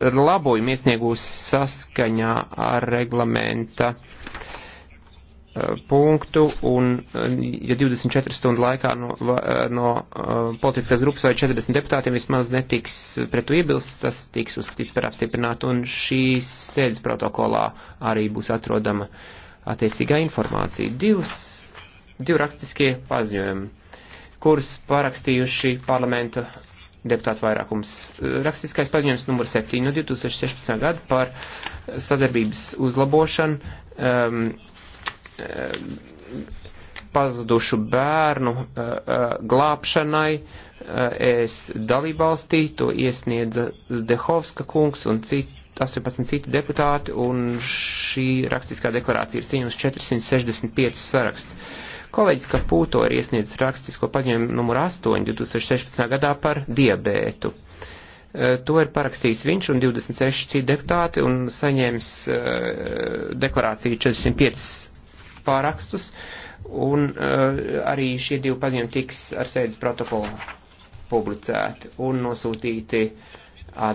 labojumu iesniegus saskaņā ar reglamenta e, punktu un, e, ja 24 stundu laikā no, e, no politiskās grupas vai 40 deputātiem vismaz netiks pret to iebilst, tas tiks uzskatīts par apstiprinātu un šīs sēdes protokolā arī būs atrodama attiecīgā informācija. Divas, divi rakstiskie paziņojumi, kurus parakstījuši parlamenta deputātu vairākums. Rakstiskais paziņojums numur 7 no 2016. gada par sadarbības uzlabošanu um, um, pazudušu bērnu uh, uh, glābšanai uh, es dalībvalstī, to iesniedza Zdehovska kungs un citi. 18 citi deputāti, un šī rakstiskā deklarācija ir saņemusi 465 saraksts. Kolēģis Kapūto ir iesniedzis rakstisko paņēmu numur 8 2016. gadā par diabētu. E, to ir parakstījis viņš un 26 citi deputāti un saņēmis e, deklarāciju 405 pārakstus. Un e, arī šie divi paziņojumi tiks ar sēdes protokolu publicēti un nosūtīti